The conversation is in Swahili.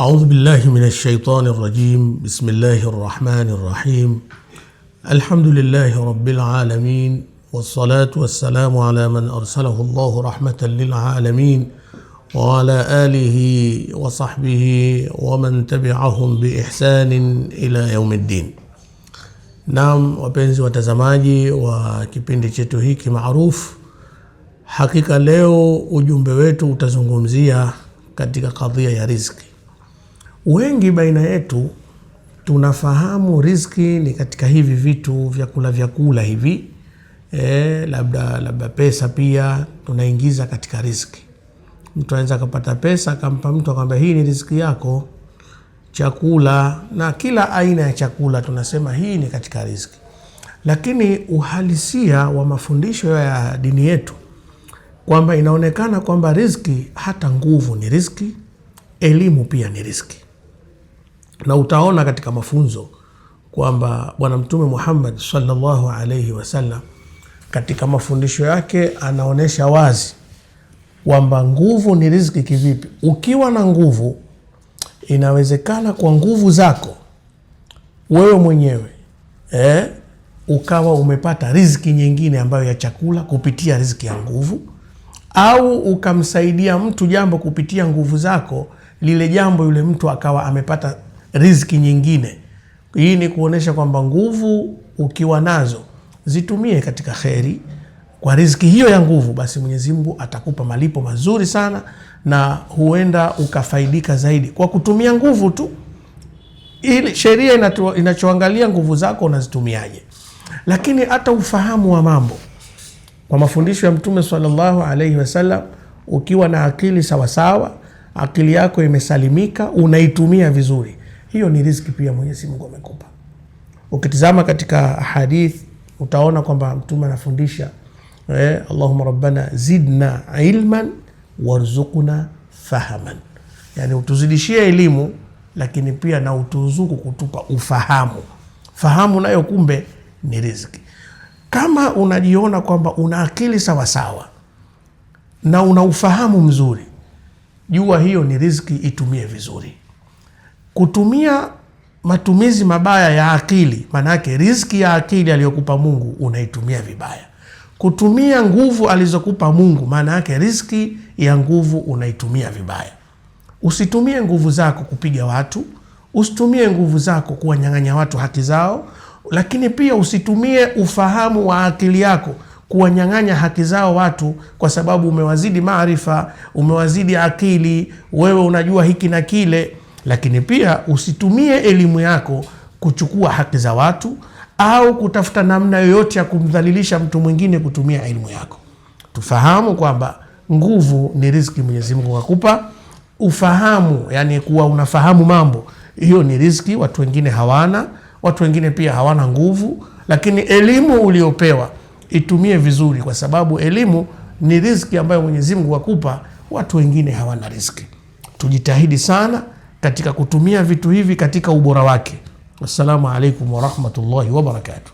أعوذ بالله من الشيطان الرجيم بسم الله الرحمن الرحيم الحمد لله رب العالمين والصلاة والسلام على من أرسله الله رحمة للعالمين وعلى آله وصحبه ومن تبعهم بإحسان إلى يوم الدين نعم wapenzi وتزماجي wa kipindi معروف حقيقة ليو وجنبويتو تزنغمزية ujumbe قضية يا katika kadhia ya riziki. Wengi baina yetu tunafahamu riziki ni katika hivi vitu vyakula vyakula hivi e, labda labda pesa pia tunaingiza katika riziki. Mtu anaweza akapata pesa akampa mtu akamwambia, hii ni riziki yako. Chakula na kila aina ya chakula tunasema hii ni katika riziki, lakini uhalisia wa mafundisho ya dini yetu kwamba inaonekana kwamba riziki, hata nguvu ni riziki, elimu pia ni riziki na utaona katika mafunzo kwamba Bwana Mtume Muhammad sallallahu alaihi wasallam katika mafundisho yake anaonyesha wazi kwamba nguvu ni riziki kivipi. Ukiwa na nguvu, inawezekana kwa nguvu zako wewe mwenyewe eh, ukawa umepata riziki nyingine ambayo ya chakula kupitia riziki ya nguvu, au ukamsaidia mtu jambo kupitia nguvu zako, lile jambo yule mtu akawa amepata riziki nyingine. Hii ni kuonyesha kwamba nguvu ukiwa nazo zitumie katika kheri. Kwa riziki hiyo ya nguvu, basi Mwenyezi Mungu atakupa malipo mazuri sana, na huenda ukafaidika zaidi kwa kutumia nguvu tu. Ili sheria inachoangalia nguvu zako unazitumiaje, lakini hata ufahamu wa mambo. Kwa mafundisho ya Mtume sallallahu alaihi wasallam, ukiwa na akili sawasawa, akili yako imesalimika, unaitumia vizuri hiyo ni riziki pia Mwenyezi Mungu amekupa. Ukitizama katika hadith utaona kwamba mtume anafundisha eh, Allahumma rabbana zidna ilman warzuqna fahaman, yani utuzidishie elimu lakini pia na utuzuku kutupa ufahamu. Fahamu nayo kumbe ni riziki. Kama unajiona kwamba una akili sawasawa na una ufahamu mzuri, jua hiyo ni riziki, itumie vizuri kutumia matumizi mabaya ya akili, maanake riziki ya akili aliyokupa Mungu unaitumia vibaya. Kutumia nguvu alizokupa Mungu, maana yake riziki ya nguvu unaitumia vibaya. Usitumie nguvu zako kupiga watu, usitumie nguvu zako kuwanyang'anya watu haki zao, lakini pia usitumie ufahamu wa akili yako kuwanyang'anya haki zao watu, kwa sababu umewazidi maarifa, umewazidi akili, wewe unajua hiki na kile lakini pia usitumie elimu yako kuchukua haki za watu au kutafuta namna yoyote ya kumdhalilisha mtu mwingine kutumia elimu yako. Tufahamu kwamba nguvu ni riziki Mwenyezi Mungu Ufahamu yani kuwa unafahamu mambo, hiyo ni riziki. Watu wengine hawana, watu wengine pia hawana nguvu, lakini elimu uliopewa itumie vizuri, kwa sababu elimu ni riziki ambayo Mwenyezi Mungu Watu wengine hawana riziki. Tujitahidi sana katika kutumia vitu hivi katika ubora wake. Wassalamu alaikum warahmatullahi wabarakatuh.